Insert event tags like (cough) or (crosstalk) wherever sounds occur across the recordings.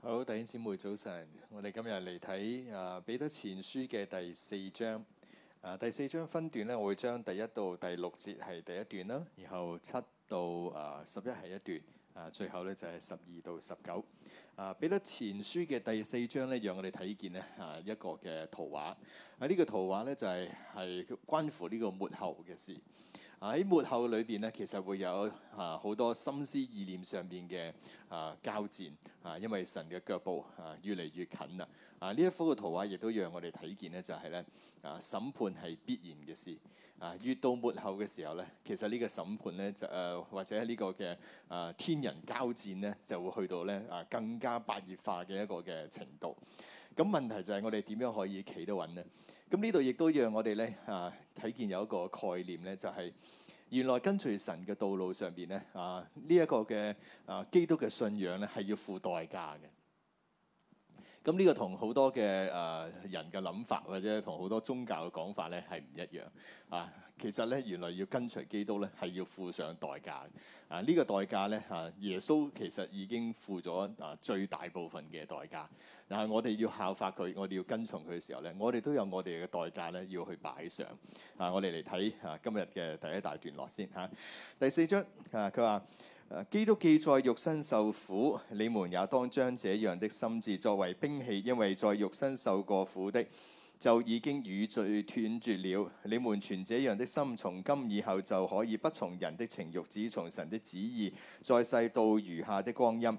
好，Hello, 弟兄姊妹早晨。我哋今日嚟睇啊彼得前書嘅第四章。啊，第四章分段咧，我會將第一到第六節係第一段啦，然後七到啊十一係一段，啊最後咧就係、是、十二到十九。啊，彼得前書嘅第四章咧，讓我哋睇見咧啊一個嘅圖畫。喺、啊、呢、這個圖畫咧就係、是、係關乎呢個末後嘅事。喺、啊、末後裏邊咧，其實會有啊好多心思意念上邊嘅啊交戰啊，因為神嘅腳步啊越嚟越近啦。啊呢一幅嘅圖畫、啊、亦都讓我哋睇見咧，就係咧啊審判係必然嘅事。啊越到末後嘅時候咧，其實呢個審判咧就誒、呃、或者呢個嘅啊天人交戰咧就會去到咧啊更加白熱化嘅一個嘅程度。咁問題就係我哋點樣可以企得穩咧？咁呢度亦都讓我哋咧啊睇見有一個概念咧，就係原來跟隨神嘅道路上邊咧啊呢一個嘅啊基督嘅信仰咧係要付代價嘅。咁呢個同好多嘅誒人嘅諗法，或者同好多宗教嘅講法咧，係唔一樣啊！其實咧，原來要跟隨基督咧，係要付上代價啊！呢、這個代價咧，啊耶穌其實已經付咗啊最大部分嘅代價，但、啊、係我哋要效法佢，我哋要跟從佢嘅時候咧，我哋都有我哋嘅代價咧，要去擺上啊！我哋嚟睇啊今日嘅第一大段落先嚇、啊，第四章啊，佢話。基督記在肉身受苦，你們也當將這樣的心志作為兵器，因為在肉身受過苦的，就已經與罪斷絕了。你們存這樣的心，從今以後就可以不從人的情慾，只從神的旨意，在世度餘下的光陰。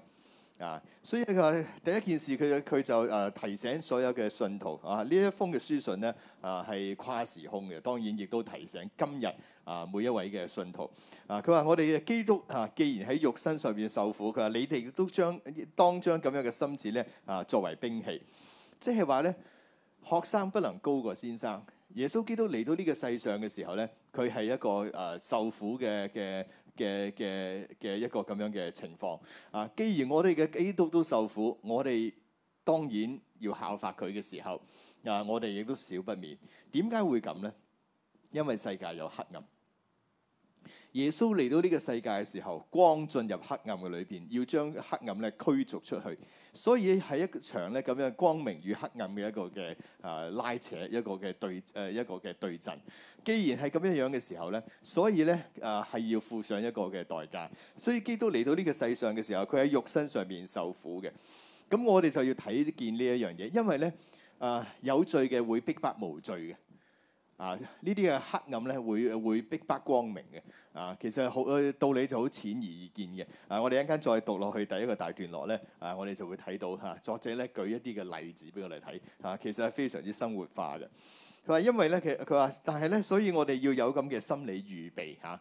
啊，所以佢第一件事，佢佢就誒提醒所有嘅信徒啊，呢一封嘅書信咧，啊係跨時空嘅，當然亦都提醒今日啊每一位嘅信徒。啊，佢話我哋嘅基督啊，既然喺肉身上邊受苦，佢話你哋亦都將當將咁樣嘅心志咧啊作為兵器，即係話咧學生不能高過先生。耶穌基督嚟到呢個世上嘅時候咧，佢係一個誒、啊、受苦嘅嘅。嘅嘅嘅一個咁樣嘅情況啊！既然我哋嘅基督都受苦，我哋當然要效法佢嘅時候啊！我哋亦都少不免。點解會咁呢？因為世界有黑暗。耶穌嚟到呢個世界嘅時候，光進入黑暗嘅裏邊，要將黑暗咧驅逐出去。所以喺一場咧咁樣光明與黑暗嘅一個嘅啊、呃、拉扯，一個嘅對誒、呃、一個嘅對陣。既然係咁樣樣嘅時候咧，所以咧啊係要付上一個嘅代價。所以基督嚟到呢個世上嘅時候，佢喺肉身上面受苦嘅。咁我哋就要睇見呢一樣嘢，因為咧啊、呃、有罪嘅會逼迫無罪嘅。啊！呢啲嘅黑暗咧，會會逼迫光明嘅。啊，其實好道理就好淺而易見嘅。啊，我哋一陣再讀落去第一個大段落咧，啊，我哋就會睇到嚇、啊、作者咧舉一啲嘅例子俾我哋睇嚇，其實係非常之生活化嘅。佢話因為咧，佢佢話，但係咧，所以我哋要有咁嘅心理預備嚇。啊。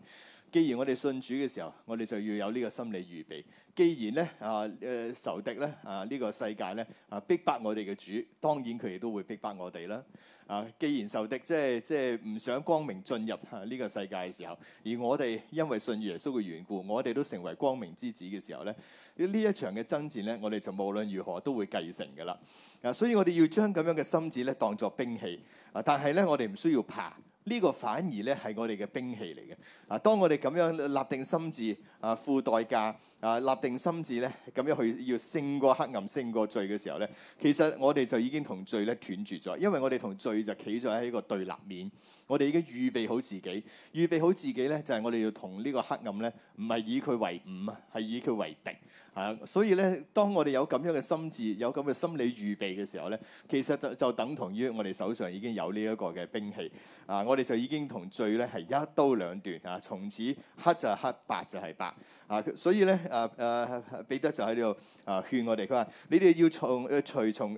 既然我哋信主嘅時候，我哋就要有呢個心理預備。既然咧，啊，誒，仇敵咧，啊，呢個世界咧，啊，逼迫我哋嘅主，當然佢亦都會逼迫我哋啦。啊，既然仇敵即係即係唔想光明進入啊，呢個世界嘅時候，而我哋因為信耶穌嘅緣故，我哋都成為光明之子嘅時候咧，呢一場嘅爭戰咧，我哋就無論如何都會繼承噶啦。啊，所以我哋要將咁樣嘅心智咧當作兵器。啊，但係咧，我哋唔需要怕。呢個反而咧係我哋嘅兵器嚟嘅，啊！當我哋咁樣立定心智啊，付代價。啊！立定心志咧，咁樣去要勝過黑暗、勝過罪嘅時候咧，其實我哋就已經同罪咧斷絕咗，因為我哋同罪就企咗喺一個對立面。我哋已經預備好自己，預備好自己咧，就係我哋要同呢個黑暗咧，唔係以佢為伍啊，係以佢為敵啊。所以咧，當我哋有咁樣嘅心志、有咁嘅心理預備嘅時候咧，其實就就等同於我哋手上已經有呢一個嘅兵器啊！我哋就已經同罪咧係一刀兩斷啊，從此黑就係黑，白就係白。啊，所以咧，啊啊彼得就喺呢度啊勸我哋，佢話：你哋要從誒隨從誒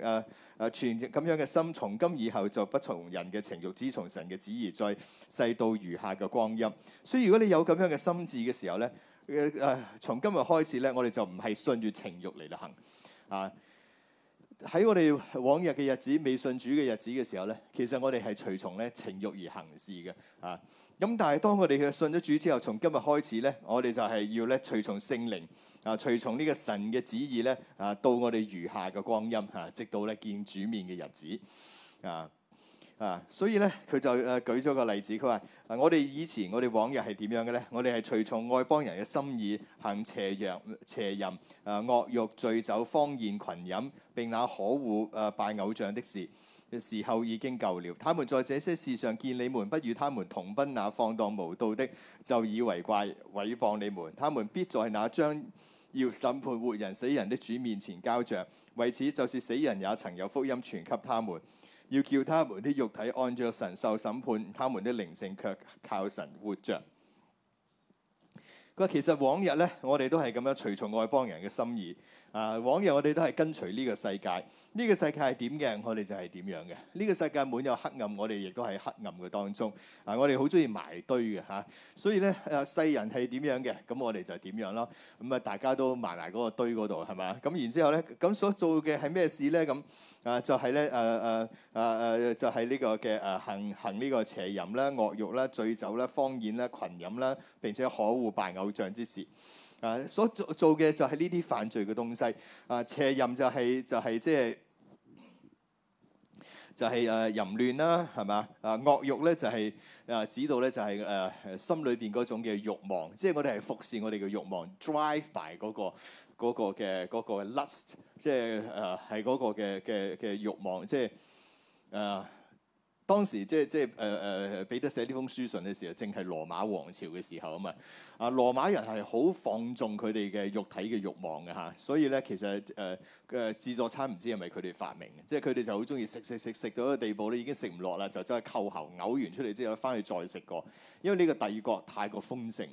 誒存咁樣嘅心，從今以後就不從人嘅情慾，只從神嘅旨意，在世度餘下嘅光陰。所以如果你有咁樣嘅心智嘅時候咧，誒、啊、從今日開始咧，我哋就唔係順住情慾嚟到行。啊，喺我哋往日嘅日子未信主嘅日子嘅時候咧，其實我哋係隨從咧情慾而行事嘅。啊。咁但係當我哋嘅信咗主之後，從今日開始咧，我哋就係要咧隨從聖靈，啊，隨從呢個神嘅旨意咧，啊，到我哋餘下嘅光陰嚇，直到咧見主面嘅日子，啊啊，所以咧佢就誒舉咗個例子，佢話：啊，我哋以前我哋往日係點樣嘅咧？我哋係隨從外邦人嘅心意，行邪陽、邪淫、啊惡欲、醉酒、荒宴、群飲，並那可惡誒、啊、拜偶像的事。嘅時候已經夠了，他們在這些事上見你們不與他們同奔那放蕩無道的，就以為怪，毀謗你們。他們必在那將要審判活人死人的主面前交賬。為此，就是死人也曾有福音傳給他們，要叫他們的肉體按照神受審判，他們的靈性卻靠神活着。佢話其實往日呢，我哋都係咁樣隨從外邦人嘅心意。啊，往日我哋都係跟隨呢個世界，呢、這個世界係點嘅，我哋就係點樣嘅。呢、這個世界滿有黑暗，我哋亦都係黑暗嘅當中。啊，我哋好中意埋堆嘅嚇、啊，所以咧，誒、啊、世人係點樣嘅，咁我哋就點樣咯。咁啊，大家都埋埋嗰個堆嗰度係嘛？咁然之後咧，咁所做嘅係咩事咧？咁啊，就係、是、咧，誒誒誒誒，就係、是、呢個嘅誒、啊、行行呢個邪淫啦、惡欲啦、醉酒啦、荒宴啦、群飲啦，並且可惡拜偶像之事。啊！所做做嘅就係呢啲犯罪嘅東西。啊，邪淫就係、是、就係即係就係誒淫亂啦，係咪？啊，惡欲咧就係、是、誒、啊、指導咧就係、是、誒、啊、心裏邊嗰種嘅慾望。即、就、係、是、我哋係服侍我哋嘅慾望，drive by 嗰個嗰個嘅嗰個 lust，即係誒係嗰個嘅嘅嘅慾望。即係誒當時即係即係誒誒彼得寫呢封書信嘅時候，正係羅馬王朝嘅時候啊嘛。啊，羅馬人係好放縱佢哋嘅肉體嘅欲望嘅嚇，所以咧其實誒嘅、呃呃、自助餐唔知係咪佢哋發明嘅，即係佢哋就好中意食食食食到一嘅地步一個地步咧已經食唔落啦，就真去真係扣喉，嘔完出嚟之後咧翻去再食過，因為呢個帝國太過豐盛。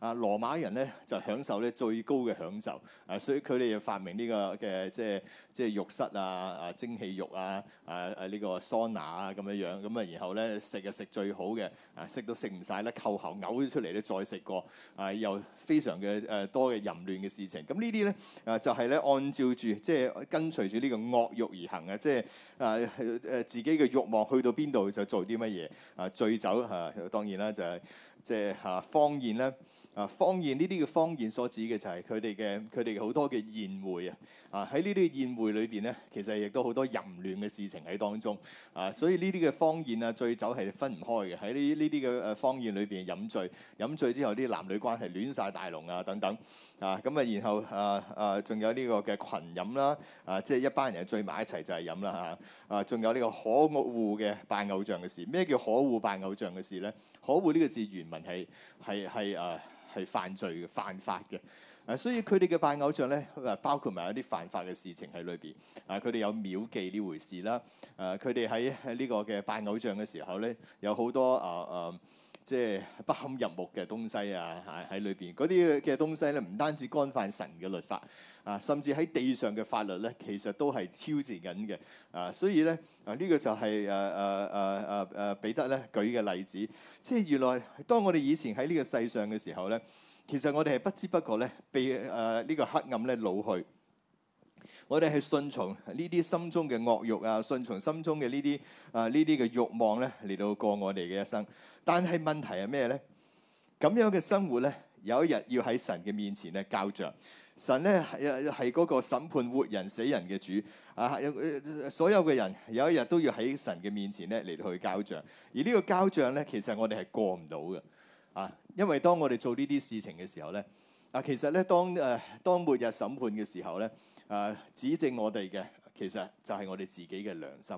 啊！羅馬人咧就享受咧最高嘅享受啊，所以佢哋又發明呢個嘅即係即係浴室啊啊，蒸汽浴啊啊啊呢個桑拿啊咁樣樣咁啊，然後咧食就食最好嘅啊，食到食唔晒咧，扣喉嘔咗出嚟咧再食過啊，又非常嘅誒多嘅淫亂嘅事情。咁呢啲咧啊，就係咧按照住即係跟隨住呢個惡欲而行啊。即係啊誒自己嘅欲望去到邊度就做啲乜嘢啊醉酒嚇、啊，當然啦就係即係嚇放縱咧。啊 (music) 啊，荒宴呢啲嘅荒宴所指嘅就係佢哋嘅佢哋好多嘅宴會啊！啊喺呢啲宴會裏邊咧，其實亦都好多淫亂嘅事情喺當中啊！所以呢啲嘅荒宴啊，醉酒係分唔開嘅。喺呢呢啲嘅誒荒宴裏邊飲醉，飲醉之後啲男女關係亂晒大龍啊等等啊！咁啊，然後啊啊，仲有呢個嘅群飲啦啊！即係一班人聚埋一齊就係飲啦嚇啊！仲有呢個可惡嘅拜偶像嘅事，咩叫可惡拜偶像嘅事咧？可惡呢個字原文係係係啊～係犯罪嘅，犯法嘅。啊，所以佢哋嘅拜偶像咧，包括埋一啲犯法嘅事情喺裏邊。啊，佢哋有秒記呢回事啦。啊，佢哋喺呢個嘅拜偶像嘅時候咧，有好多啊啊～啊即係不堪入目嘅東西啊！喺喺裏邊嗰啲嘅東西咧，唔單止干犯神嘅律法啊，甚至喺地上嘅法律咧，其實都係挑戰緊嘅啊！所以咧啊，呢、這個就係誒誒誒誒誒彼得咧舉嘅例子，即係原來當我哋以前喺呢個世上嘅時候咧，其實我哋係不知不覺咧被誒呢、啊這個黑暗咧擄去。我哋係順從呢啲心中嘅惡慾啊，順從心中嘅呢啲啊呢啲嘅慾望咧嚟到過我哋嘅一生。但係問題係咩咧？咁樣嘅生活咧，有一日要喺神嘅面前咧交賬。神咧係係嗰個審判活人死人嘅主啊，所有嘅人有一日都要喺神嘅面前咧嚟到去交賬。而呢個交賬咧，其實我哋係過唔到嘅啊，因為當我哋做呢啲事情嘅時候咧啊，其實咧當誒、啊、當末日審判嘅時候咧。啊！指正我哋嘅，其實就係我哋自己嘅良心。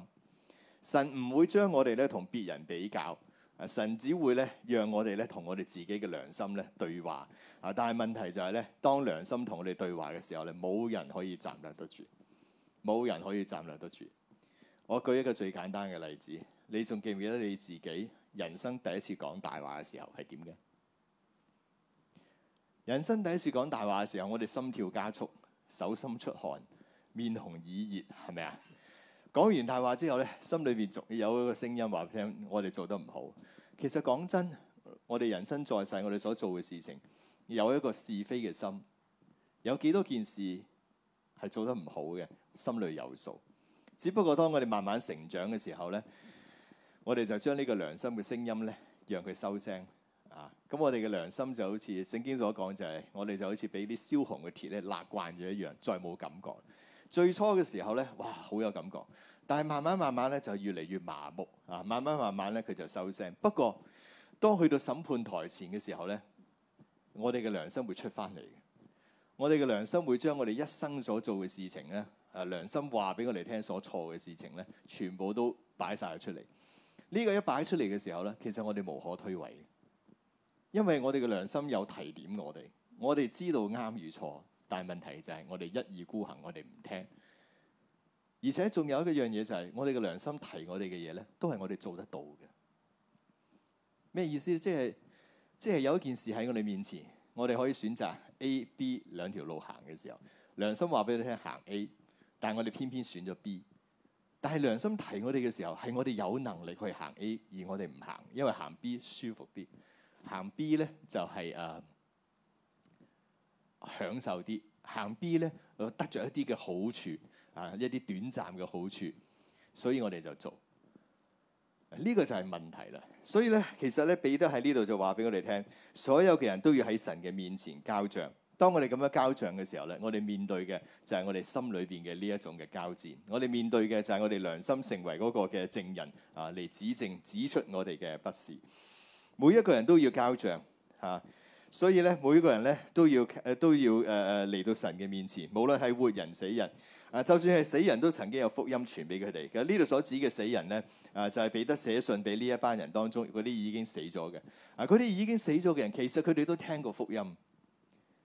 神唔會將我哋咧同別人比較，啊，神只會咧讓我哋咧同我哋自己嘅良心咧對話。啊！但係問題就係咧，當良心同我哋對話嘅時候咧，冇人可以站立得住，冇人可以站立得住。我舉一個最簡單嘅例子，你仲記唔記得你自己人生第一次講大話嘅時候係點嘅？人生第一次講大話嘅時候，我哋心跳加速。手心出汗、面紅耳熱，係咪啊？講完大話之後咧，心裏邊仲有一個聲音話：聽，我哋做得唔好。其實講真，我哋人生在世，我哋所做嘅事情，有一個是非嘅心，有幾多件事係做得唔好嘅，心裏有數。只不過當我哋慢慢成長嘅時候呢，我哋就將呢個良心嘅聲音呢，讓佢收聲。啊！咁我哋嘅良心就好似聖經所講，就係我哋就好似俾啲燒紅嘅鐵咧勒慣咗一樣，再冇感覺。最初嘅時候咧，哇，好有感覺，但係慢慢慢慢咧就越嚟越麻木啊！慢慢慢慢咧佢就收聲。不過當去到審判台前嘅時候咧，我哋嘅良心會出翻嚟嘅。我哋嘅良心會將我哋一生所做嘅事情咧，啊，良心話俾我哋聽所錯嘅事情咧，全部都擺曬出嚟。呢個一擺出嚟嘅時候咧，其實我哋無可推諉。因為我哋嘅良心有提點我哋，我哋知道啱與錯，但係問題就係我哋一意孤行，我哋唔聽。而且仲有一個樣嘢就係，我哋嘅良心提我哋嘅嘢呢都係我哋做得到嘅。咩意思？即係即係有一件事喺我哋面前，我哋可以選擇 A、B 兩條路行嘅時候，良心話俾你聽行 A，但係我哋偏偏選咗 B。但係良心提我哋嘅時候，係我哋有能力去行 A，而我哋唔行，因為行 B 舒服啲。行 B 咧就係、是、誒、啊、享受啲，行 B 咧得着一啲嘅好處啊，一啲短暫嘅好處，所以我哋就做呢、這個就係問題啦。所以咧，其實咧，彼得喺呢度就話俾我哋聽，所有嘅人都要喺神嘅面前交賬。當我哋咁樣交賬嘅時候咧，我哋面對嘅就係我哋心裏邊嘅呢一種嘅交戰。我哋面對嘅就係我哋良心成為嗰個嘅證人啊，嚟指證指出我哋嘅不是。每一個人都要交賬，吓、啊，所以咧，每一個人咧都要，誒，都要，誒、呃，誒，嚟到神嘅面前，無論係活人死人，啊，就算係死人都曾經有福音傳俾佢哋嘅。呢度所指嘅死人咧，啊，就係、是、彼得寫信俾呢一班人當中嗰啲已經死咗嘅。啊，嗰啲已經死咗嘅人，其實佢哋都聽過福音，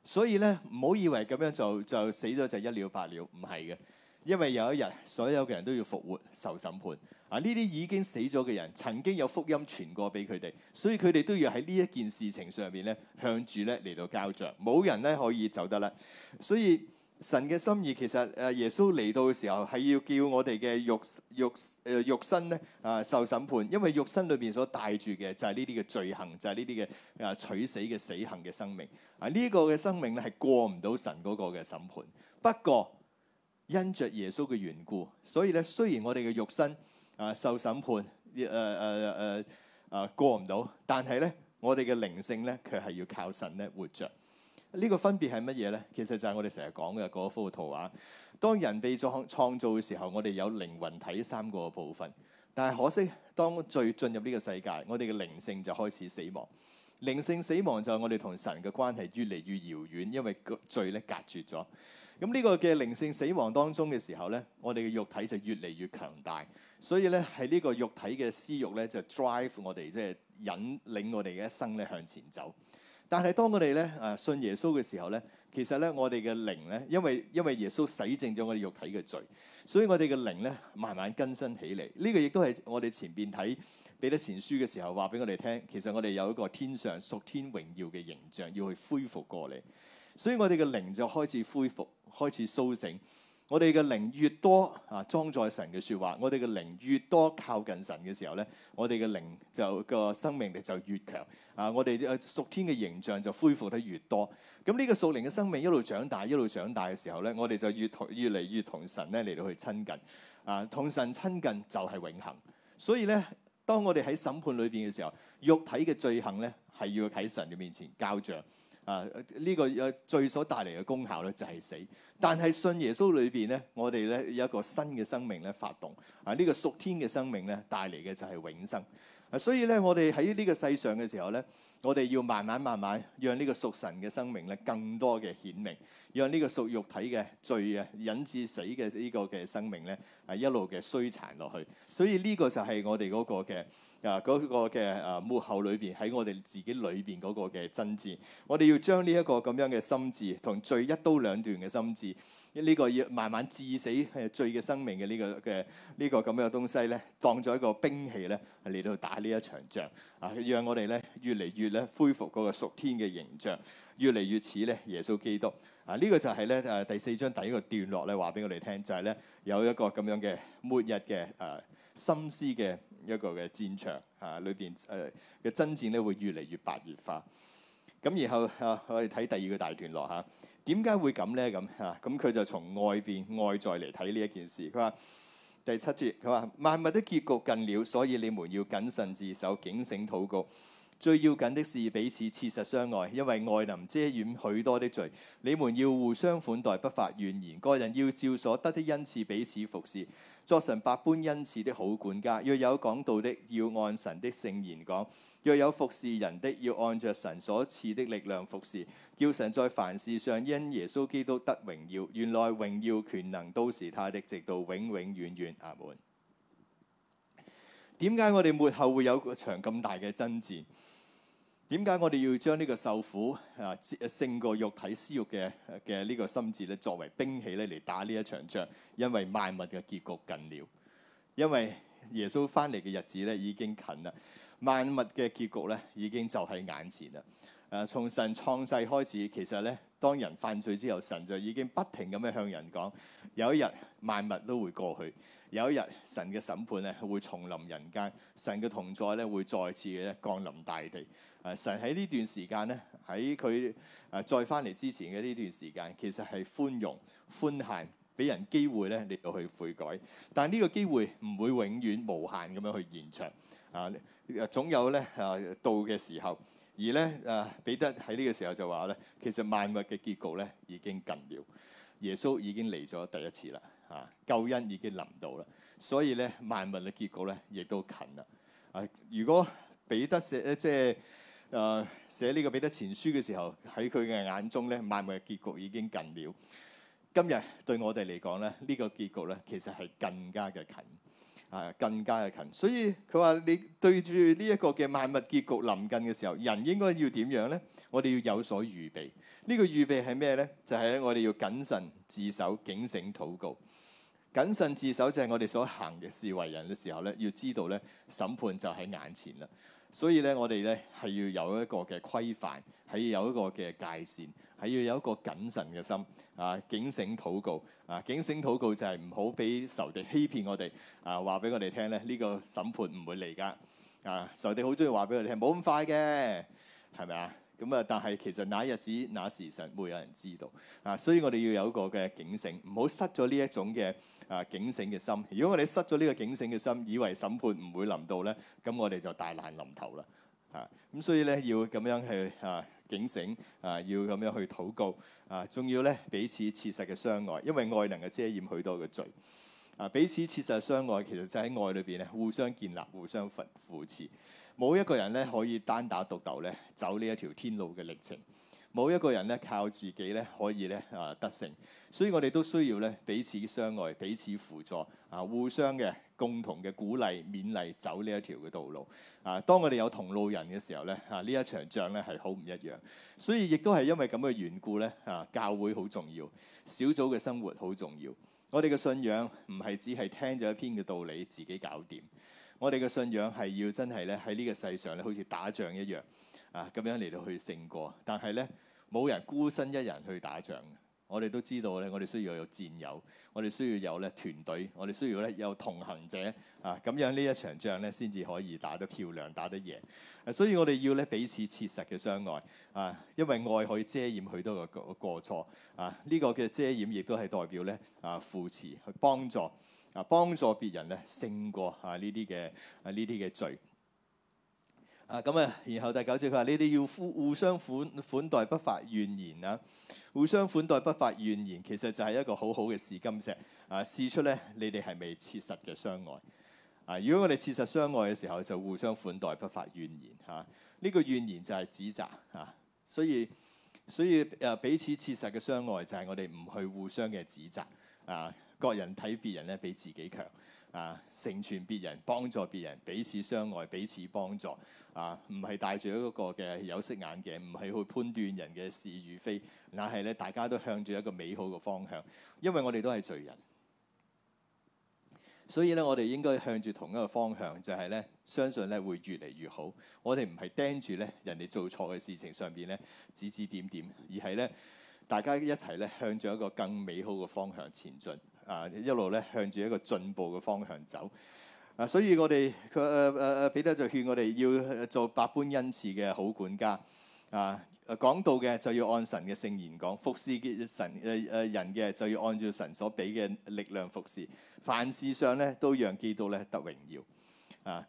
所以咧，唔好以為咁樣就就死咗就一了百了，唔係嘅，因為有一日，所有嘅人都要復活受審判。啊！呢啲已經死咗嘅人，曾經有福音傳過俾佢哋，所以佢哋都要喺呢一件事情上面咧，向住咧嚟到交着，冇人咧可以走得啦。所以神嘅心意其實誒，耶穌嚟到嘅時候係要叫我哋嘅肉肉誒肉身咧啊受審判，因為肉身裏邊所帶住嘅就係呢啲嘅罪行，就係呢啲嘅啊取死嘅死行嘅生命啊呢個嘅生命咧係過唔到神嗰個嘅審判。不過因着耶穌嘅緣故，所以咧雖然我哋嘅肉身，啊！受審判，誒誒誒啊，過唔到。但係咧，我哋嘅靈性咧，佢係要靠神咧活着。呢個分別係乜嘢咧？其實就係我哋成日講嘅嗰幅圖畫。當人被創創造嘅時候，我哋有靈魂體三個部分。但係可惜，當罪進入呢個世界，我哋嘅靈性就開始死亡。靈性死亡就係我哋同神嘅關係越嚟越遙遠，因為罪咧隔絕咗。咁呢個嘅靈性死亡當中嘅時候咧，我哋嘅肉體就越嚟越強大。所以咧，係呢個肉體嘅私慾咧，就 drive 我哋即係引領我哋嘅一生咧向前走。但係當我哋咧誒信耶穌嘅時候咧，其實咧我哋嘅靈咧，因為因為耶穌洗淨咗我哋肉體嘅罪，所以我哋嘅靈咧慢慢更新起嚟。呢個亦都係我哋前邊睇彼得前書嘅時候話俾我哋聽，其實我哋有一個天上屬天榮耀嘅形象要去恢復過嚟。所以我哋嘅靈就開始恢復，開始甦醒。我哋嘅靈越多啊，裝載神嘅説話；我哋嘅靈越多靠近神嘅時候咧，我哋嘅靈就、這個生命力就越強啊！我哋誒屬天嘅形象就恢復得越多。咁呢個屬靈嘅生命一路長大，一路長大嘅時候咧，我哋就越同越嚟越同神咧嚟到去親近啊！同神親近就係永恆。所以咧，當我哋喺審判裏邊嘅時候，肉體嘅罪行咧係要喺神嘅面前交賬。啊！呢個誒罪所帶嚟嘅功效咧，就係死。但係信耶穌裏邊咧，我哋咧有一個新嘅生命咧發動。啊！呢個屬天嘅生命咧，帶嚟嘅就係永生。啊！所以咧，我哋喺呢個世上嘅時候咧。我哋要慢慢慢慢，讓呢個屬神嘅生命咧，更多嘅顯明，讓呢個屬肉體嘅罪啊，引致死嘅呢個嘅生命咧，係一路嘅衰殘落去。所以呢個就係我哋個嘅啊，個嘅啊，幕後裏邊喺我哋自己裏邊個嘅真智。我哋要將呢一個咁樣嘅心志，同罪一刀兩斷嘅心志，呢個要慢慢致死係罪嘅生命嘅呢個嘅呢個咁樣嘅東西咧，當咗一個兵器咧，嚟到打呢一場仗啊！讓我哋咧越嚟越。咧恢復嗰個屬天嘅形象，越嚟越似咧耶穌基督。啊，呢、這個就係咧誒第四章第一個段落咧，話俾我哋聽就係、是、咧有一個咁樣嘅末日嘅誒心思嘅一個嘅戰場嚇，裏邊誒嘅真戰咧會越嚟越白熱化。咁、啊、然後啊，我哋睇第二個大段落嚇，點、啊、解會咁咧？咁嚇咁佢就從外邊外在嚟睇呢一件事。佢話第七節，佢話萬物的結局近了，所以你們要謹慎自守，守，警醒禱告。最要緊的是彼此切實相愛，因為愛能遮掩許多的罪。你們要互相款待不，不發怨言。各人要照所得的恩賜彼此服侍，作神百般恩賜的好管家。若有講道的，要按神的聖言講；若有服侍人的，要按着神所賜的力量服侍。叫神在凡事上因耶穌基督得榮耀。原來榮耀權能都是他的，直到永永遠遠，遠。阿門。點解我哋末後會有場咁大嘅爭戰？點解我哋要將呢個受苦啊勝過肉體私欲嘅嘅呢個心智咧，作為兵器咧嚟打呢一場仗？因為萬物嘅結局近了，因為耶穌翻嚟嘅日子咧已經近啦。萬物嘅結局咧已經就喺眼前啦。誒、啊，從神創世開始，其實咧當人犯罪之後，神就已經不停咁樣向人講：有一日萬物都會過去，有一日神嘅審判咧會重臨人間，神嘅同在咧會再次咧降臨大地。誒、啊、神喺呢段時間咧，喺佢誒再翻嚟之前嘅呢段時間，其實係寬容、寬限，俾人機會咧嚟到去悔改。但係呢個機會唔會永遠無限咁樣去延長，啊，總有咧啊到嘅時候。而咧誒、啊、彼得喺呢個時候就話咧，其實萬物嘅結局咧已經近了，耶穌已經嚟咗第一次啦，啊，救恩已經臨到啦，所以咧萬物嘅結局咧亦都近啦。啊，如果彼得寫即係，即誒、呃、寫呢個彼得前書嘅時候，喺佢嘅眼中咧，萬物嘅結局已經近了。今日對我哋嚟講咧，呢、這個結局咧，其實係更加嘅近，啊，更加嘅近。所以佢話：你對住呢一個嘅萬物結局臨近嘅時候，人應該要點樣咧？我哋要有所預備。呢、這個預備係咩咧？就係、是、我哋要謹慎自守、警醒、禱告。謹慎自守就係我哋所行嘅事為人嘅時候咧，要知道咧，審判就喺眼前啦。所以咧，我哋咧係要有一個嘅規範，係要有一個嘅界線，係要有一個謹慎嘅心啊。警醒禱告啊，警醒禱告就係唔好俾仇敵欺騙我哋啊。話俾我哋聽咧，呢個審判唔會嚟噶啊。仇敵好中意話俾我哋聽，冇咁快嘅，係咪啊？咁啊！但係其實那日子那時辰沒有人知道啊，所以我哋要有一個嘅警醒，唔好失咗呢一種嘅啊警醒嘅心。如果我哋失咗呢個警醒嘅心，以為審判唔會臨到咧，咁我哋就大難臨頭啦啊！咁所以咧要咁樣去啊警醒啊，要咁樣去禱告啊，仲要咧彼此切實嘅相愛，因為愛能夠遮掩許多嘅罪啊。彼此切實嘅相愛，其實就喺愛裏邊咧，互相建立、互相扶持。冇一個人咧可以單打獨鬥咧走呢一條天路嘅歷程，冇一個人咧靠自己咧可以咧啊得勝，所以我哋都需要咧彼此相愛、彼此輔助啊，互相嘅共同嘅鼓勵勉勵走呢一條嘅道路啊。當我哋有同路人嘅時候咧，啊呢一場仗咧係好唔一樣，所以亦都係因為咁嘅緣故咧啊，教會好重要，小組嘅生活好重要，我哋嘅信仰唔係只係聽咗一篇嘅道理自己搞掂。我哋嘅信仰係要真係咧喺呢個世上咧，好似打仗一樣啊，咁樣嚟到去勝過。但係咧，冇人孤身一人去打仗。我哋都知道咧，我哋需要有戰友，我哋需要有咧團隊，我哋需要咧有同行者啊，咁樣呢一場仗咧先至可以打得漂亮、打得贏啊。所以，我哋要咧彼此切實嘅相愛啊，因為愛可以遮掩許多嘅過過錯啊。呢個嘅遮掩亦都係代表咧啊扶持去幫助啊，幫助別人咧勝過啊呢啲嘅啊呢啲嘅罪。啊，咁啊，然後第九節佢話：你哋要互相款款待，不發怨言啊！互相款待，不發怨言，其實就係一個好好嘅試金石啊！試出咧，你哋係未切實嘅相愛啊？如果我哋切實相愛嘅時候，就互相款待，不發怨言嚇。呢、啊這個怨言就係指責啊！所以所以誒、啊，彼此切實嘅相愛就係我哋唔去互相嘅指責啊！各人睇別人咧，比自己強。啊！成全別人，幫助別人，彼此相愛，彼此幫助。啊，唔係戴住一個嘅有色眼鏡，唔係去判斷人嘅是與非，那係咧大家都向住一個美好嘅方向。因為我哋都係罪人，所以咧我哋應該向住同一個方向，就係咧相信咧會越嚟越好。我哋唔係盯住咧人哋做錯嘅事情上邊咧指指點點，而係咧大家一齊咧向住一個更美好嘅方向前進。啊！一路咧向住一個進步嘅方向走啊，所以我哋誒誒誒彼得就勸我哋要做百般恩賜嘅好管家啊，啊。講道嘅就要按神嘅聖言講，服侍神誒誒、啊、人嘅就要按照神所俾嘅力量服侍。凡事上咧都讓基督咧得榮耀啊！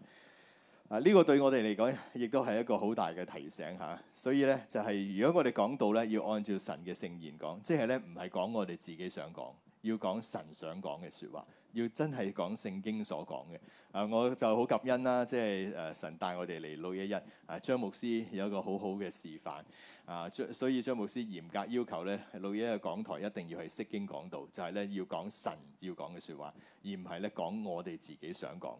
啊，呢、這個對我哋嚟講亦都係一個好大嘅提醒嚇、啊。所以咧就係、是，如果我哋講道咧要按照神嘅聖言講，即係咧唔係講我哋自己想講。要講神想講嘅説話，要真係講聖經所講嘅啊！我就好感恩啦，即係誒、啊、神帶我哋嚟老一日啊。張牧師有一個好好嘅示範啊，所以張牧師嚴格要求咧，老一嘅講台一定要係釋經講道，就係、是、咧要講神要講嘅説話，而唔係咧講我哋自己想講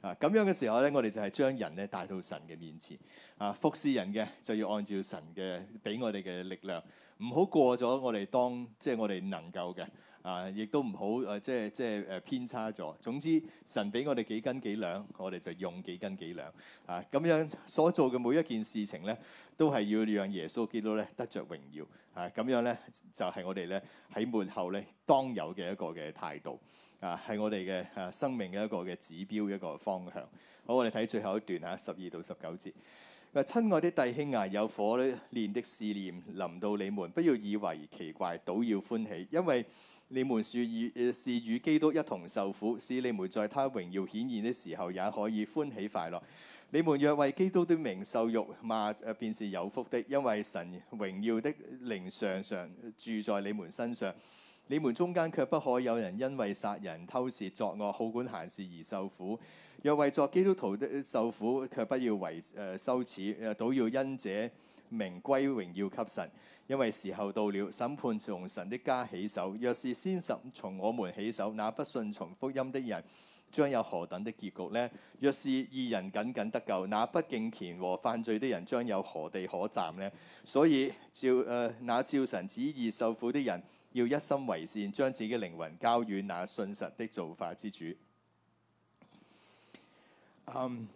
啊。咁樣嘅時候咧，我哋就係將人咧帶到神嘅面前啊。服侍人嘅就要按照神嘅俾我哋嘅力量，唔好過咗我哋當即係、就是、我哋能夠嘅。啊！亦都唔好誒，即係即係誒偏差咗。總之，神俾我哋幾斤幾兩，我哋就用幾斤幾兩。啊，咁樣所做嘅每一件事情咧，都係要讓耶穌基督咧得着榮耀。啊，咁樣咧就係、是、我哋咧喺末後咧當有嘅一個嘅態度。啊，係我哋嘅啊生命嘅一個嘅指標一個方向。好，我哋睇最後一段嚇，十二到十九節。嗱，親愛的弟兄啊，有火煉的試驗臨到你們，不要以為奇怪，倒要歡喜，因為你們是與是與基督一同受苦，使你們在他榮耀顯現的時候也可以歡喜快樂。你們若為基督的名受辱罵，誒便是有福的，因為神榮耀的靈常常住在你們身上。你們中間卻不可有人因為殺人、偷竊、作惡、好管閒事而受苦。若為作基督徒的受苦，卻不要為誒羞恥，倒要因這名歸榮耀給神。因為時候到了，審判從神的家起手。若是先審從我們起手，那不信從福音的人將有何等的結局呢？若是義人僅僅得救，那不敬虔和犯罪的人將有何地可站呢？所以照誒、呃、那照神旨意受苦的人，要一心為善，將自己靈魂交與那信實的造化之主。Um,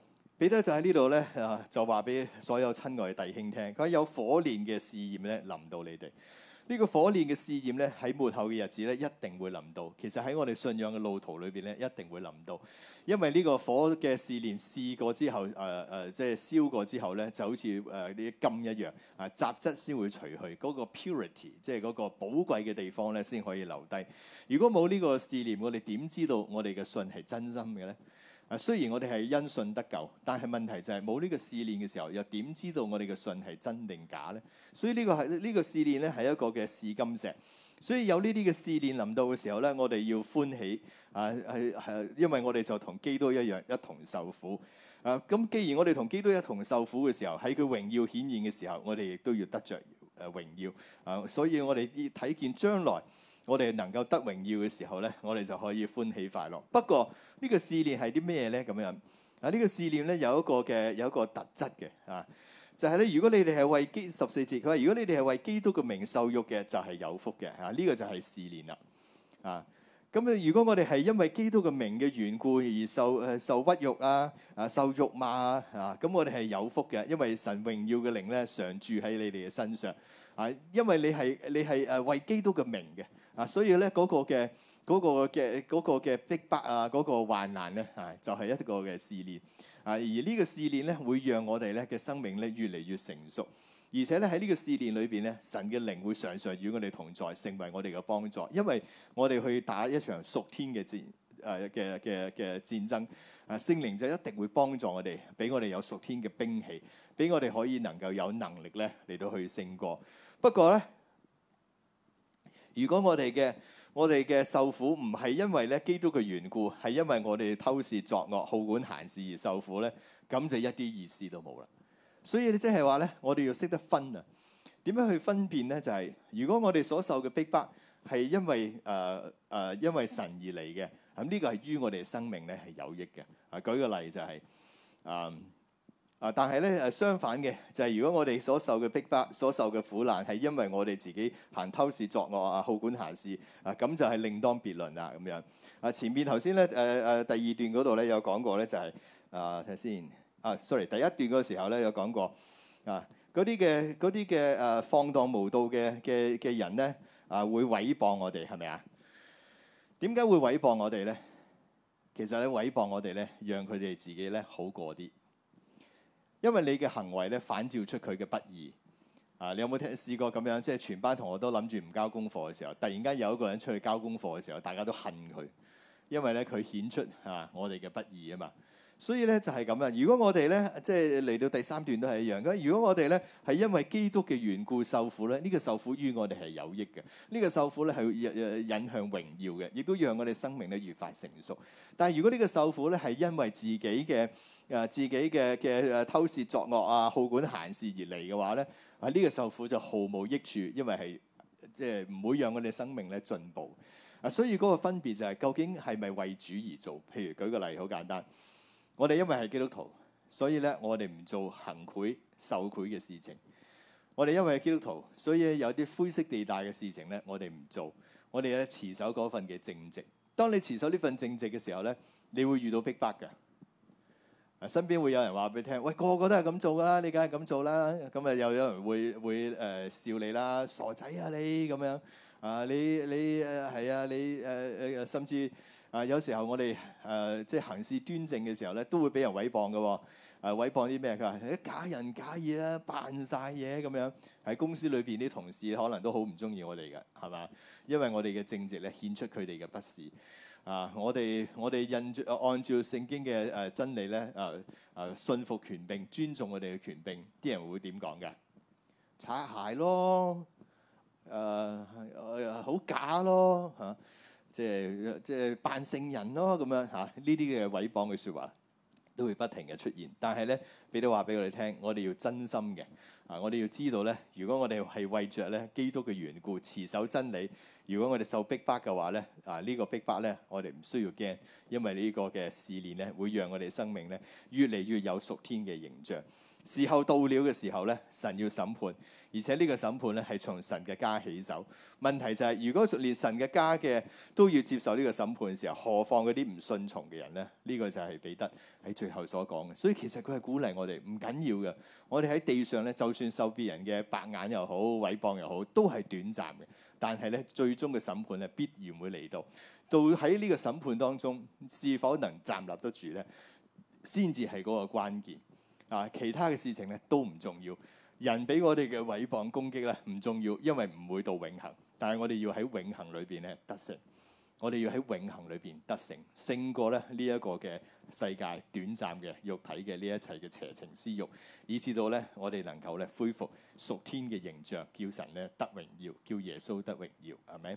彼得就喺呢度咧，啊、呃，就話俾所有親愛嘅弟兄聽，佢有火煉嘅試驗咧，臨到你哋。呢、這個火煉嘅試驗咧，喺末後嘅日子咧，一定會臨到。其實喺我哋信仰嘅路途裏邊咧，一定會臨到。因為呢個火嘅試驗試過之後，誒、呃、誒、呃，即係燒過之後咧，就好似誒呢啲金一樣，啊，雜質先會除去，嗰、那個 purity，即係嗰個寶貴嘅地方咧，先可以留低。如果冇呢個試驗，我哋點知道我哋嘅信係真心嘅咧？啊，雖然我哋係因信得救，但係問題就係冇呢個試煉嘅時候，又點知道我哋嘅信係真定假呢？所以呢個係呢、呢個試煉咧，係一個嘅試金石。所以有呢啲嘅試煉臨到嘅時候咧，我哋要歡喜啊，係係，因為我哋就同基督一樣一同受苦。啊，咁既然我哋同基督一同受苦嘅時候，喺佢榮耀顯現嘅時候，我哋亦都要得着誒榮耀。啊，所以我哋要睇見將來。我哋能夠得榮耀嘅時候咧，我哋就可以歡喜快樂。不過呢個試煉係啲咩咧？咁樣嗱，呢個試煉咧有一個嘅有一個特質嘅啊，就係咧，如果你哋係為基十四節，佢話如果你哋係為基督嘅名受辱嘅，就係有福嘅啊。呢個就係試煉啦啊。咁啊，如果我哋係因為基督嘅名嘅緣故而受誒受屈辱啊啊受辱罵啊，咁啊嗯，我哋係有福嘅，因為神榮耀嘅靈咧常住喺你哋嘅身上啊，因為你係你係誒為基督嘅名嘅。啊，所以咧嗰個嘅嗰個嘅嗰個嘅逼迫啊，嗰個患難咧，啊就係一個嘅試煉。啊，而呢個試煉咧，會讓我哋咧嘅生命咧越嚟越成熟。而且咧喺呢個試煉裏邊咧，神嘅靈會常常與我哋同在，成為我哋嘅幫助。因為我哋去打一場屬天嘅戰誒嘅嘅嘅戰爭，啊聖靈就一定會幫助我哋，俾我哋有屬天嘅兵器，俾我哋可以能夠有能力咧嚟到去勝過。不過咧。如果我哋嘅我哋嘅受苦唔係因為咧基督嘅緣故，係因為我哋偷竊作惡、好管閒事而受苦咧，咁就一啲意思都冇啦。所以咧，即係話咧，我哋要識得分啊。點樣去分辨咧？就係、是、如果我哋所受嘅逼迫係因為誒誒、呃呃、因為神而嚟嘅，咁、這、呢個係於我哋生命咧係有益嘅。啊，舉個例就係、是、啊。嗯啊！但係咧，誒、啊、相反嘅就係、是，如果我哋所受嘅迫迫、所受嘅苦難係因為我哋自己行偷事作惡啊、好管閒事啊，咁就係另當別論啦。咁樣啊，前面頭先咧，誒、啊、誒第二段嗰度咧有講過咧、就是，就係啊睇先啊，sorry，第一段嗰時候咧有講過啊，嗰啲嘅嗰啲嘅誒放蕩無度嘅嘅嘅人咧啊，會毀謗我哋係咪啊？點解會毀謗我哋咧？其實咧，毀謗我哋咧，讓佢哋自己咧好過啲。因為你嘅行為咧，反照出佢嘅不義。啊，你有冇聽試過咁樣？即係全班同學都諗住唔交功課嘅時候，突然間有一個人出去交功課嘅時候，大家都恨佢，因為咧佢顯出啊我哋嘅不義啊嘛。所以咧就係咁啦。如果我哋咧，即係嚟到第三段都係一樣嘅。如果我哋咧係因為基督嘅緣故受苦咧，呢個受苦於我哋係有益嘅。呢個受苦咧係引引向榮耀嘅，亦都讓我哋生命咧越發成熟。但係如果呢個受苦咧係因為自己嘅誒自己嘅嘅誒偷竊作惡啊、好管閒事而嚟嘅話咧，啊呢個受苦就毫無益處，因為係即係唔會讓我哋生命咧進步啊。所以嗰個分別就係究竟係咪為主而做？譬如舉個例，好簡單。我哋因為係基督徒，所以咧我哋唔做行賄、受賄嘅事情。我哋因為係基督徒，所以有啲灰色地帶嘅事情咧，我哋唔做。我哋咧持守嗰份嘅正直。當你持守呢份正直嘅時候咧，你會遇到逼迫嘅。啊，身邊會有人話俾你聽：喂，個個都係咁做㗎啦，你梗係咁做啦。咁啊，又有人會會誒、呃、笑你啦，傻仔啊你咁樣、呃、你你啊，你你誒係啊，你誒誒甚至。啊，uh, 有時候我哋誒即係行事端正嘅時候咧，都會俾人毀謗嘅。誒、uh,，毀謗啲咩？佢話：假仁假義啦，扮晒嘢咁樣。喺公司裏邊啲同事可能都好唔中意我哋嘅，係嘛？因為我哋嘅正直咧，顯出佢哋嘅不是。啊、uh,，我哋我哋印著按照聖經嘅誒真理咧，誒、uh, 誒、uh, 信服權柄，尊重我哋嘅權柄，啲人會點講嘅？擦鞋咯，誒誒好假咯嚇。Uh. 即係即係扮聖人咯咁樣嚇，呢啲嘅毀謗嘅説話都會不停嘅出現。但係咧，俾啲話俾我哋聽，我哋要真心嘅啊！我哋要知道咧，如果我哋係為着咧基督嘅緣故持守真理，如果我哋受逼迫嘅話咧，啊、這個、迫迫呢個逼迫咧，我哋唔需要驚，因為個呢個嘅試煉咧，會讓我哋生命咧越嚟越有屬天嘅形象。事後時候到了嘅時候咧，神要審判。而且呢個審判咧係從神嘅家起手。問題就係，如果連神嘅家嘅都要接受呢個審判嘅時候，何況嗰啲唔順從嘅人咧？呢個就係彼得喺最後所講嘅。所以其實佢係鼓勵我哋，唔緊要嘅。我哋喺地上咧，就算受別人嘅白眼又好、毀謗又好，都係短暫嘅。但係咧，最終嘅審判咧必然會嚟到。到喺呢個審判當中，是否能站立得住咧，先至係嗰個關鍵。啊，其他嘅事情咧都唔重要。人俾我哋嘅毀謗攻擊咧唔重要，因為唔會到永恆。但係我哋要喺永恆裏邊咧得勝，我哋要喺永恆裏邊得勝，勝過咧呢一個嘅世界、短暫嘅肉體嘅呢一切嘅邪情私欲，以致到咧我哋能夠咧恢復屬天嘅形象，叫神咧得榮耀，叫耶穌得榮耀，係咪？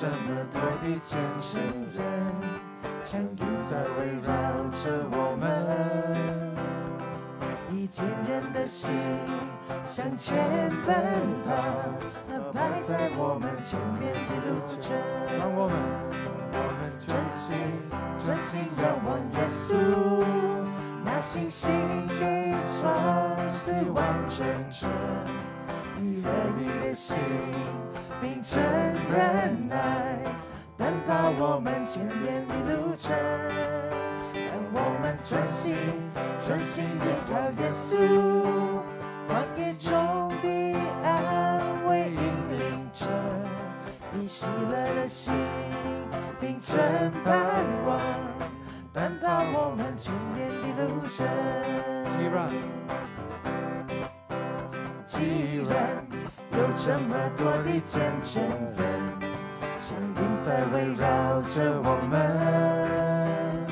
這麼多的見證人，像雲彩圍繞着我們，以驚人的心向前奔跑，那擺在我們前面的路程，讓我們，讓我們專心，專心仰望耶穌，那信心創始成終者，一粒一粒的心並成人。奔跑，我們前面的路程，讓我們專心專心依靠耶穌，曠野中的安慰引領着你喜樂的心，並存盼望，奔跑，我們前面的路程，既然既然有這麼多的見證人。在圍繞着我們，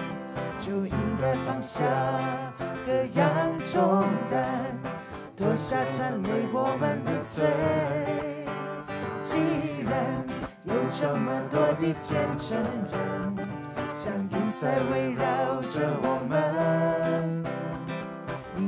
就應該放下各樣重擔，脫下纏累我們的罪。既然有這麼多的見證人，像雲在圍繞着我們。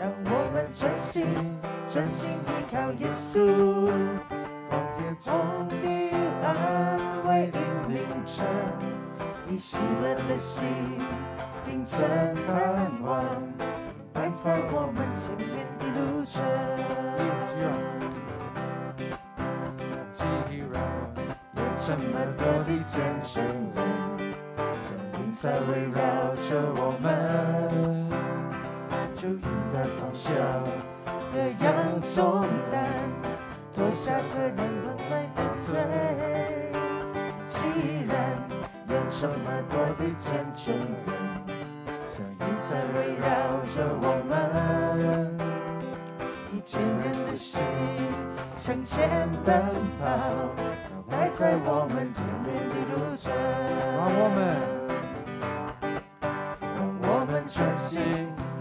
讓我們真心、真心依靠耶穌。曠野中的安慰的，印證 (noise) 你喜樂的心，印證難忘，擺 (noise) (noise) 在我們前面的路程。有希 (noise) 有這麼多的見證，光明在圍繞著我們。就應該放下各樣重擔，脫下遮掩痛快的罪。既然有這麼多的見證人像雲彩圍繞着我們，以堅韌的心向前奔跑，帶在我們前面的路上。讓我們，讓我們珍惜。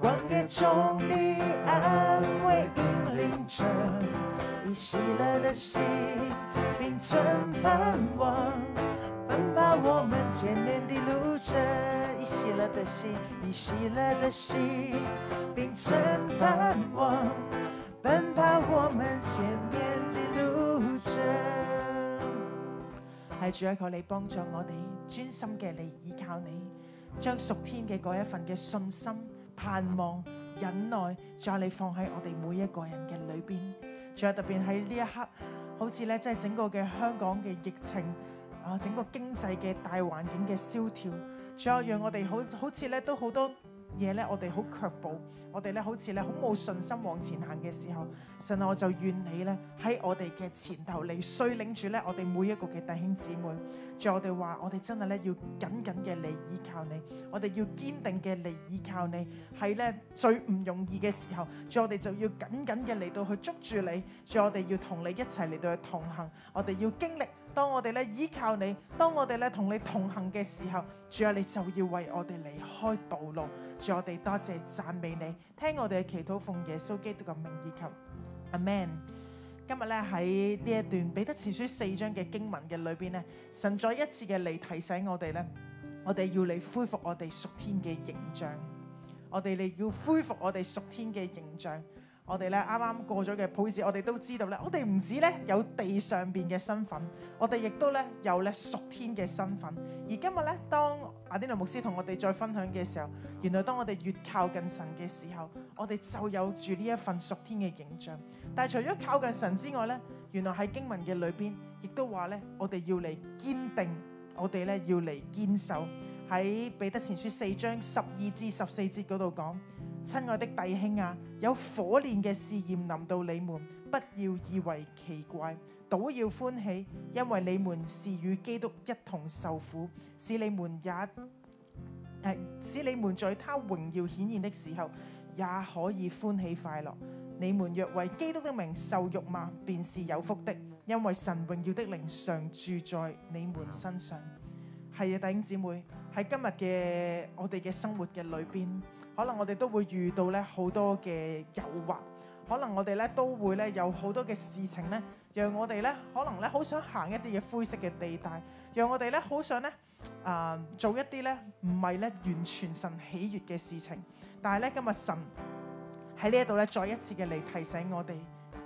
光夜中你安慰引領着，已熄了的心並存盼望，奔跑我們前面的路程。已熄了的心，已熄了的心並存盼望，奔跑我們前面的路程。係住一個你幫助我哋，專心嘅嚟依靠你，將屬天嘅嗰一份嘅信心。盼望忍耐，再你放喺我哋每一個人嘅裏邊。仲有特別喺呢一刻，好似咧，即係整個嘅香港嘅疫情啊，整個經濟嘅大環境嘅蕭條，仲有讓我哋好好似咧，都好多。嘢咧，我哋好卻步，我哋咧好似咧好冇信心往前行嘅時候，神啊，我就願你咧喺我哋嘅前頭嚟，率領住咧我哋每一個嘅弟兄姊妹。仲我哋話，我哋真係咧要緊緊嘅嚟依靠你，我哋要堅定嘅嚟依靠你，喺咧最唔容易嘅時候，仲我哋就要緊緊嘅嚟到去捉住你，仲我哋要同你一齊嚟到去同行，我哋要經歷。當我哋咧依靠你，當我哋咧同你同行嘅時候，主啊，你就要為我哋嚟開道路。主，我哋多謝讚美你，聽我哋嘅祈禱，奉耶穌基督嘅名以及阿們。今日咧喺呢一段彼得前書四章嘅經文嘅裏邊咧，神再一次嘅嚟提醒我哋咧，我哋要嚟恢復我哋屬天嘅形象，我哋嚟要恢復我哋屬天嘅形象。我哋咧啱啱過咗嘅普世，我哋都知道咧，我哋唔止咧有地上邊嘅身份，我哋亦都咧有咧屬天嘅身份。而今日咧，當阿啲尼牧師同我哋再分享嘅時候，原來當我哋越靠近神嘅時候，我哋就有住呢一份屬天嘅形象。但係除咗靠近神之外咧，原來喺經文嘅裏邊，亦都話咧，我哋要嚟堅定，我哋咧要嚟堅守。喺彼得前書四章十二至十四節嗰度講。親愛的弟兄啊，有火煉嘅試驗臨到你們，不要以為奇怪，倒要歡喜，因為你們是與基督一同受苦，使你們也誒，使你們在他榮耀顯現的時候，也可以歡喜快樂。你們若為基督的名受辱罵，便是有福的，因為神榮耀的靈常住在你們身上。係啊，弟兄姊妹，喺今日嘅我哋嘅生活嘅裏邊。可能我哋都會遇到咧好多嘅誘惑，可能我哋咧都會咧有好多嘅事情咧，讓我哋咧可能咧好想行一啲嘅灰色嘅地帶，讓我哋咧好想咧啊、呃、做一啲咧唔係咧完全神喜悅嘅事情。但係咧今日神喺呢一度咧再一次嘅嚟提醒我哋，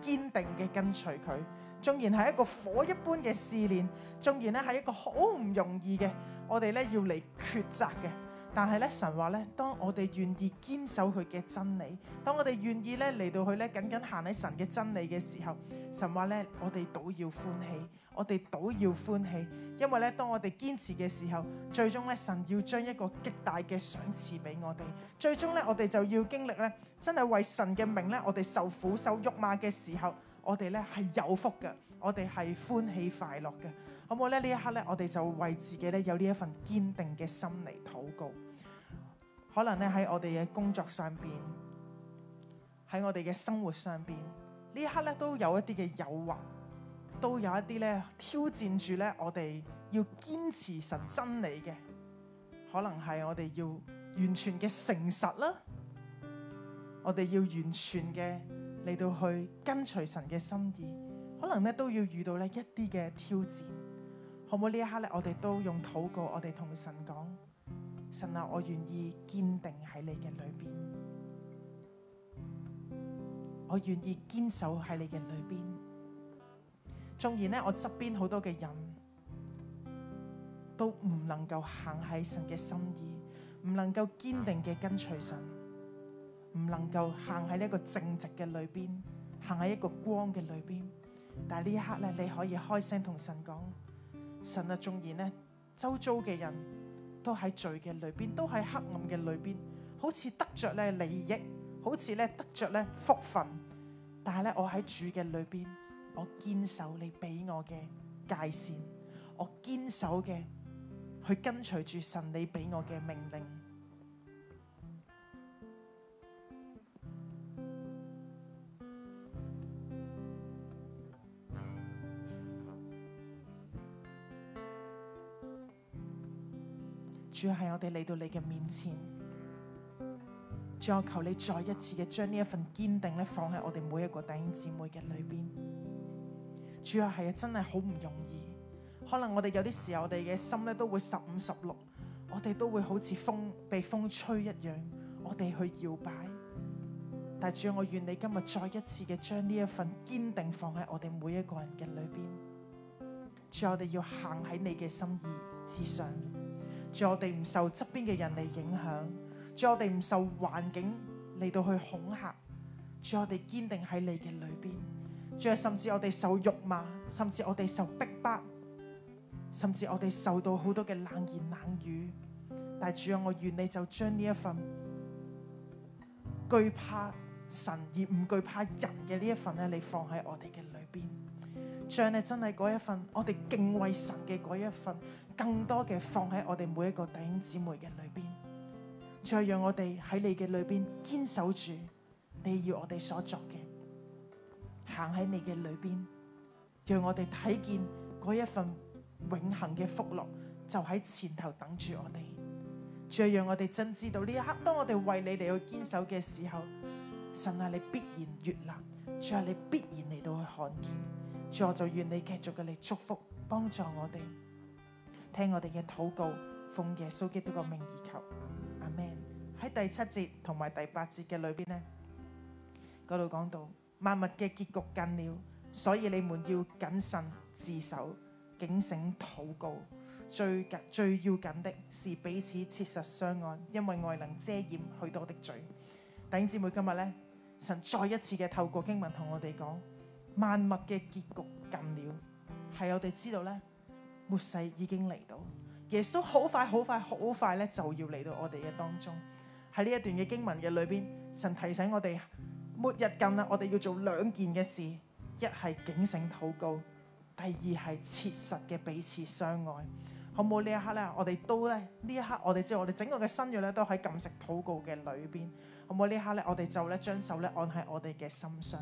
堅定嘅跟隨佢，縱然係一個火一般嘅試煉，縱然咧係一個好唔容易嘅，我哋咧要嚟抉擇嘅。但係咧，神話咧，當我哋願意堅守佢嘅真理，當我哋願意咧嚟到佢咧，緊緊行喺神嘅真理嘅時候，神話咧，我哋倒要歡喜，我哋倒要歡喜，因為咧，當我哋堅持嘅時候，最終咧，神要將一個極大嘅賞賜俾我哋。最終咧，我哋就要經歷咧，真係為神嘅名咧，我哋受苦受辱罵嘅時候，我哋咧係有福嘅，我哋係歡喜快樂嘅。好唔好咧？呢一刻咧，我哋就為自己咧有呢一份堅定嘅心嚟禱告。可能咧喺我哋嘅工作上邊，喺我哋嘅生活上邊，呢一刻咧都有一啲嘅誘惑，都有一啲咧挑戰住咧我哋要堅持神真理嘅。可能係我哋要完全嘅誠實啦，我哋要完全嘅嚟到去跟隨神嘅心意。可能咧都要遇到呢一啲嘅挑戰。好唔好呢一刻咧？我哋都用禱告，我哋同神講：神啊，我願意堅定喺你嘅裏邊，我願意堅守喺你嘅裏邊。縱然呢，我側邊好多嘅人都唔能夠行喺神嘅心意，唔能夠堅定嘅跟隨神，唔能夠行喺呢一個正直嘅裏邊，行喺一個光嘅裏邊。但係呢一刻咧，你可以開聲同神講。神啊，縱然咧，周遭嘅人都喺罪嘅裏邊，都喺黑暗嘅裏邊，好似得着咧利益，好似咧得着咧福分，但係咧我喺主嘅裏邊，我堅守你俾我嘅界線，我堅守嘅去跟隨住神你俾我嘅命令。主係我哋嚟到你嘅面前，主啊，求你再一次嘅將呢一份堅定咧放喺我哋每一個弟兄姊妹嘅裏邊。主要係啊，真係好唔容易，可能我哋有啲時候，我哋嘅心咧都會十五十六，我哋都會好似風被風吹一樣，我哋去搖擺。但係主啊，我願你今日再一次嘅將呢一份堅定放喺我哋每一個人嘅裏邊。主要我哋要行喺你嘅心意之上。主我哋唔受側邊嘅人嚟影響，主我哋唔受環境嚟到去恐嚇，主我哋堅定喺你嘅裏邊，仲有甚至我哋受辱罵，甚至我哋受逼迫，甚至我哋受到好多嘅冷言冷語，但係主啊，我願你就將呢一份懼怕神而唔懼怕人嘅呢一份咧，你放喺我哋嘅裏。將你真係嗰一份，我哋敬畏神嘅嗰一份，更多嘅放喺我哋每一個弟兄姊妹嘅裏邊。再讓我哋喺你嘅裏邊堅守住你要我哋所作嘅，行喺你嘅裏邊，讓我哋睇見嗰一份永恒嘅福樂就喺前頭等住我哋。再讓我哋真知道呢一刻，當我哋為你嚟到堅守嘅時候，神啊，你必然悅納，再你必然嚟到去看見。我就願你繼續嘅嚟祝福幫助我哋，聽我哋嘅禱告，奉耶穌基督嘅名而求，阿門。喺第七節同埋第八節嘅裏邊呢，嗰度講到萬物嘅結局近了，所以你們要謹慎自守，警醒禱告。最緊最要緊的是彼此切實相愛，因為愛能遮掩許多的罪。弟兄姊妹，今日呢，神再一次嘅透過經文同我哋講。萬物嘅結局近了，係我哋知道咧，末世已經嚟到，耶穌好快、好快、好快咧就要嚟到我哋嘅當中。喺呢一段嘅經文嘅裏邊，神提醒我哋末日近啦，我哋要做兩件嘅事：一係警醒禱告，第二係切實嘅彼此相愛。好唔好呢一刻咧？我哋都咧呢一刻，我哋知道我哋整個嘅新約咧都喺禁食禱告嘅裏邊。好冇呢刻咧，我哋就咧將手咧按喺我哋嘅心上，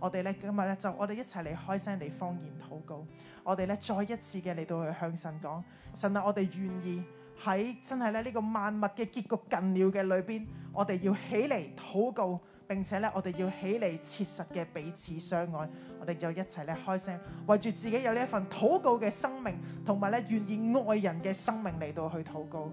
我哋咧今日咧就我哋一齊嚟開聲嚟方言禱告，我哋咧再一次嘅嚟到去向神講，神啊，我哋願意喺真係咧呢個萬物嘅結局近了嘅裏邊，我哋要起嚟禱告，並且咧我哋要起嚟切實嘅彼此相愛，我哋就一齊咧開聲，為住自己有呢一份禱告嘅生命，同埋咧願意愛人嘅生命嚟到去禱告。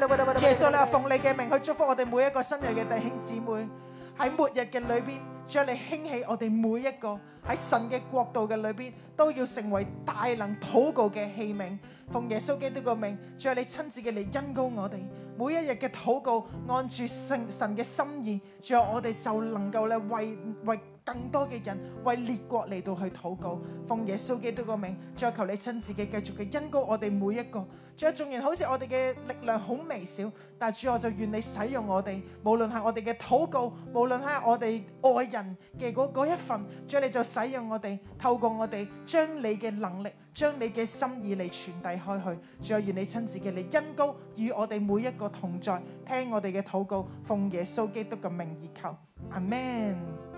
耶穌，你奉你嘅命去祝福我哋每一個新約嘅弟兄姊妹，喺末日嘅裏邊，將你興起我哋每一個喺神嘅國度嘅裏邊，都要成為大能禱告嘅器皿。奉耶穌基督嘅命，將你親自嘅嚟，恩膏我哋，每一日嘅禱告按住神嘅心意，最後我哋就能夠咧為為。為更多嘅人為列國，嚟到去禱告，奉耶穌基督個名，再求你親自嘅繼續嘅恩膏我哋每一個。最後，縱然好似我哋嘅力量好微小，但主我就願你使用我哋，無論係我哋嘅禱告，無論係我哋愛人嘅嗰嗰一份，最後你就使用我哋，透過我哋將你嘅能力、將你嘅心意嚟傳遞開去。最後願你親自嘅嚟恩膏與我哋每一個同在，聽我哋嘅禱告，奉耶穌基督嘅名而求，阿門。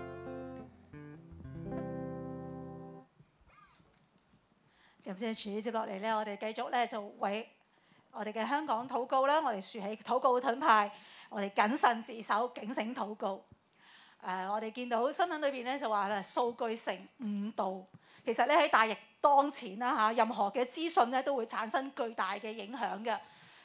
咁先，隨住接落嚟咧，我哋繼續咧就為我哋嘅香港禱告啦！我哋豎起禱告盾牌，我哋謹慎自守，警醒禱告。誒、呃，我哋見到新聞裏邊咧就話咧數據成誤導，其實咧喺大疫當前啦嚇、啊，任何嘅資訊咧都會產生巨大嘅影響嘅。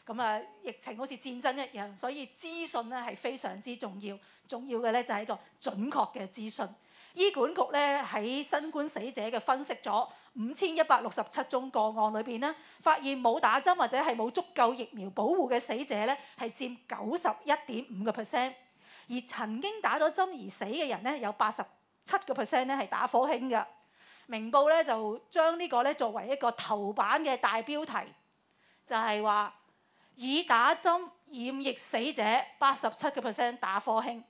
咁、嗯、啊，疫情好似戰爭一樣，所以資訊咧係非常之重要。重要嘅咧就係一個準確嘅資訊。醫管局咧喺新冠死者嘅分析咗五千一百六十七宗個案裏邊咧，發現冇打針或者係冇足夠疫苗保護嘅死者咧，係佔九十一點五個 percent；而曾經打咗針而死嘅人咧，有八十七個 percent 咧係打科興嘅。明報咧就將呢個咧作為一個頭版嘅大標題，就係話以打針染疫死者八十七個 percent 打科興。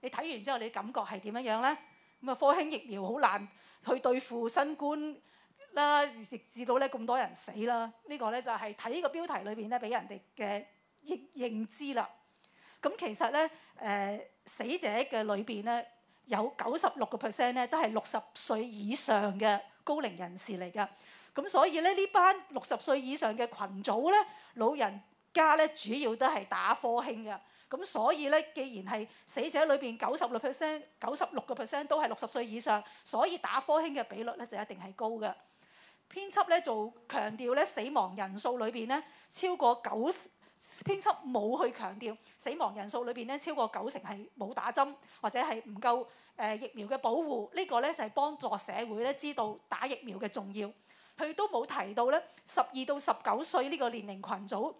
你睇完之後，你感覺係點樣樣咧？咁啊，科興疫苗好難去對付新冠啦，直至到咧咁多人死啦。呢、這個咧就係睇呢個標題裏邊咧俾人哋嘅認認知啦。咁其實咧，誒、呃、死者嘅裏邊咧有九十六個 percent 咧都係六十歲以上嘅高齡人士嚟㗎。咁所以咧呢班六十歲以上嘅群組咧老人家咧主要都係打科興嘅。咁所以咧，既然係死者裏邊九十六 percent、九十六個 percent 都係六十歲以上，所以打科興嘅比率咧就一定係高嘅。編輯咧就強調咧，死亡人數裏邊咧超過九，編輯冇去強調死亡人數裏邊咧超過九成係冇打針或者係唔夠誒疫苗嘅保護，呢個咧就係幫助社會咧知道打疫苗嘅重要。佢都冇提到咧，十二到十九歲呢個年齡羣組。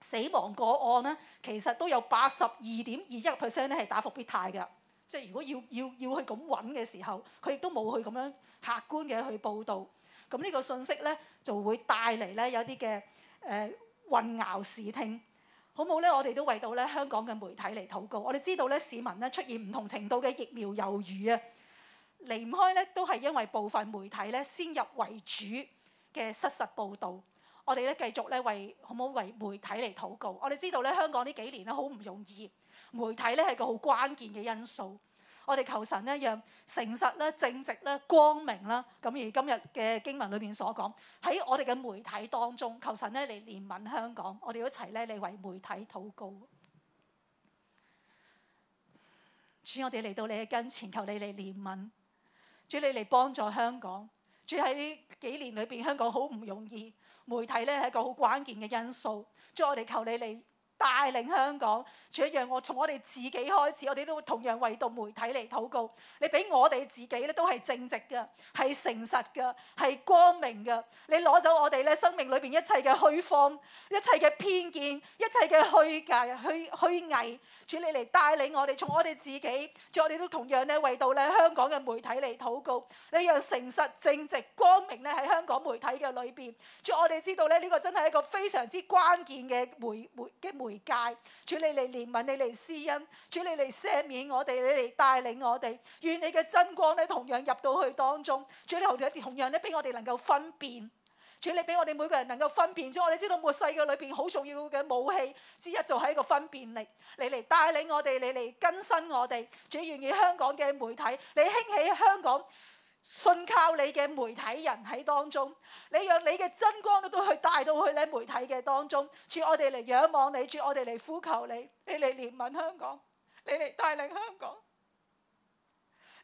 死亡個案咧，其實都有八十二點二一 percent 咧係打復必泰㗎。即係如果要要要去咁揾嘅時候，佢亦都冇去咁樣客觀嘅去報導。咁呢個信息咧就會帶嚟咧有啲嘅誒混淆視聽，好冇咧？我哋都為到咧香港嘅媒體嚟禱告。我哋知道咧市民咧出現唔同程度嘅疫苗猶豫啊，離唔開咧都係因為部分媒體咧先入為主嘅失實報導。我哋咧繼續咧為好唔好為媒體嚟禱告。我哋知道咧，香港呢幾年咧好唔容易，媒體咧係個好關鍵嘅因素。我哋求神咧讓誠實咧、正直咧、光明啦。咁而今日嘅經文裏面所講喺我哋嘅媒體當中，求神咧嚟憐憫香港，我哋一齊咧嚟為媒體禱告。主，我哋嚟到你嘅跟前，求你嚟憐憫。主，你嚟幫助香港。主，喺呢幾年裏邊，香港好唔容易。媒體咧係一個好關鍵嘅因素，將我哋求你你。帶領香港，仲有我，從我哋自己開始，我哋都會同樣為到媒體嚟禱告。你俾我哋自己咧，都係正直嘅，係誠實嘅，係光明嘅。你攞走我哋咧，生命裏邊一切嘅虛謊、一切嘅偏見、一切嘅虛假、虛虛偽。主你嚟帶領我哋，從我哋自己，仲有我哋都同樣咧為到咧香港嘅媒體嚟禱告。你讓誠實、正直、光明咧喺香港媒體嘅裏邊。仲有我哋知道咧，呢個真係一個非常之關鍵嘅媒媒嘅媒。回界，主你嚟憐憫你嚟施恩，主你嚟赦免我哋，你嚟帶領我哋，願你嘅真光咧同樣入到去當中，最後同樣咧俾我哋能夠分辨，主你俾我哋每個人能夠分辨，所以我哋知道末世嘅裏邊好重要嘅武器之一就係一個分辨力，你嚟帶領我哋，你嚟更新我哋，主願意香港嘅媒體，你興起香港。信靠你嘅媒體人喺當中，你讓你嘅真光都去帶到去你媒體嘅當中。主，我哋嚟仰望你，主，我哋嚟呼求你，你嚟憐憫香港，你嚟帶領香港。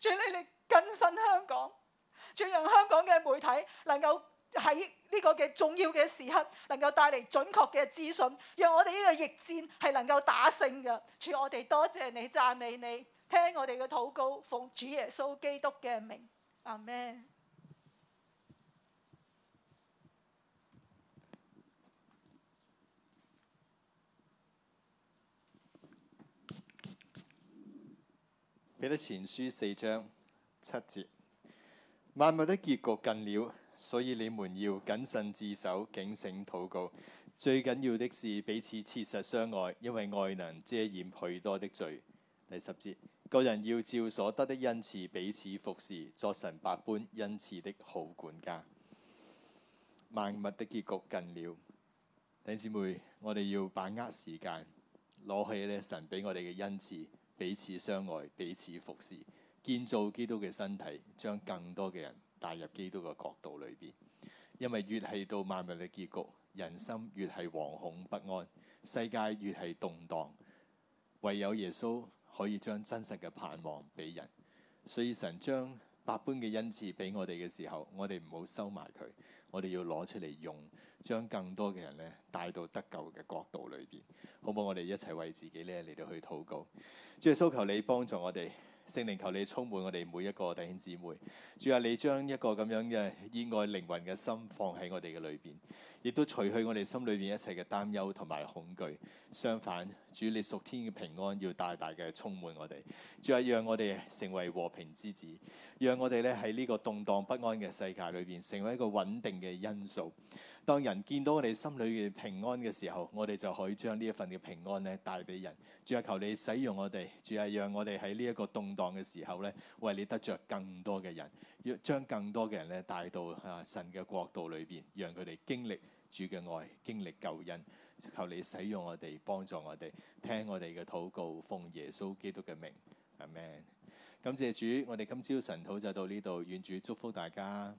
主，你嚟更新香港。主，讓香港嘅媒體能夠喺呢個嘅重要嘅時刻，能夠帶嚟準確嘅資訊，讓我哋呢個逆戰係能夠打勝嘅。主，我哋多謝你，讚美你，聽我哋嘅禱告，奉主耶穌基督嘅名。阿妹，彼得 Amen. 前書四章七節，萬物的結局近了，所以你們要謹慎自守，警醒禱告。最緊要的是彼此切實相愛，因為愛能遮掩許多的罪。第十節，個人要照所得的恩賜彼此服侍，作神百般恩賜的好管家。萬物的結局近了，弟兄姊妹，我哋要把握時間，攞起咧神俾我哋嘅恩賜，彼此相愛，彼此服侍，建造基督嘅身體，將更多嘅人帶入基督嘅國度裏邊。因為越係到萬物嘅結局，人心越係惶恐不安，世界越係動蕩，唯有耶穌。可以將真實嘅盼望俾人，所以神將百般嘅恩賜俾我哋嘅時候，我哋唔好收埋佢，我哋要攞出嚟用，將更多嘅人咧帶到得救嘅國度裏邊，好唔好？我哋一齊為自己咧嚟到去禱告，主啊，求你幫助我哋聖靈，求你充滿我哋每一個弟兄姊妹。主啊，你將一個咁樣嘅熱愛靈魂嘅心放喺我哋嘅裏邊。亦都除去我哋心裏邊一切嘅擔憂同埋恐懼，相反，主你屬天嘅平安要大大嘅充滿我哋。主啊，讓我哋成為和平之子，讓我哋咧喺呢個動盪不安嘅世界裏邊成為一個穩定嘅因素。當人見到我哋心裏嘅平安嘅時候，我哋就可以將呢一份嘅平安咧帶俾人。主啊，求你使用我哋。主啊，讓我哋喺呢一個動盪嘅時候咧，為你得着更多嘅人，要將更多嘅人咧帶到啊神嘅國度裏邊，讓佢哋經歷。主嘅愛，經歷救恩，求你使用我哋，幫助我哋，聽我哋嘅禱告，奉耶穌基督嘅名，阿門。感謝主，我哋今朝神討就到呢度，願主祝福大家。